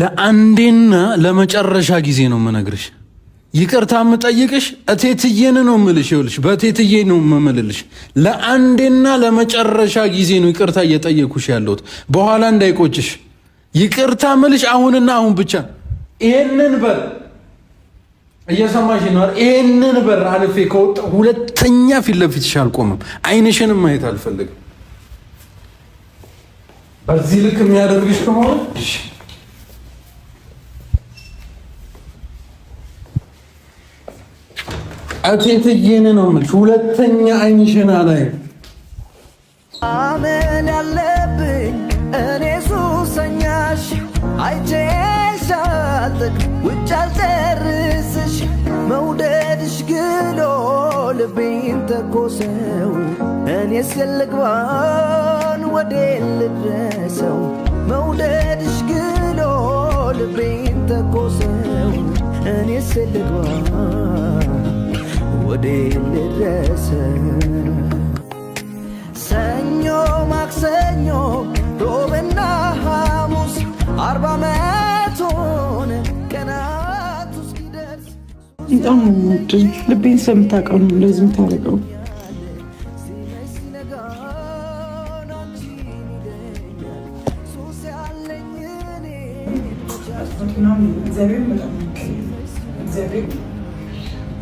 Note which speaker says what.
Speaker 1: ለአንዴና ለመጨረሻ ጊዜ ነው የምነግርሽ። ይቅርታ የምጠይቅሽ እቴትዬን ነው የምልሽ። ይኸውልሽ በእቴትዬ ነው የምምልልሽ። ለአንዴና ለመጨረሻ ጊዜ ነው ይቅርታ እየጠየኩሽ ያለሁት፣ በኋላ እንዳይቆጭሽ። ይቅርታ ምልሽ አሁንና አሁን ብቻ። ይሄንን በር እየሰማሽ ነው። ይሄንን በር አልፌ ከወጣ ሁለተኛ ፊት ለፊትሽ አልቆምም። አይንሽንም ማየት አልፈልግም። በዚህ ልክ የሚያደርግሽ ከሆነ እቴትዬን ነው የምልሽ። ሁለተኛ አይንሽን አላይ አመን ያለብኝ እኔ ሱሰኛሽ አይቼሻልቅ ውጭ አልጨርስሽ መውደድሽ ግሎ ልቤን ተኮሰው እኔ የልግባን ወደ ልድረሰው መውደድሽ
Speaker 2: ግሎ ልቤን ተኮሰው እኔስ የልግባን Señor, Maxeño, Robena Hamus, Arbameton, Kenatus Gides. በጣም ልቤን ስለምታውቀው ነው እንደዚህ የምታደርገው። እግዚአብሔር በጣም እግዚአብሔር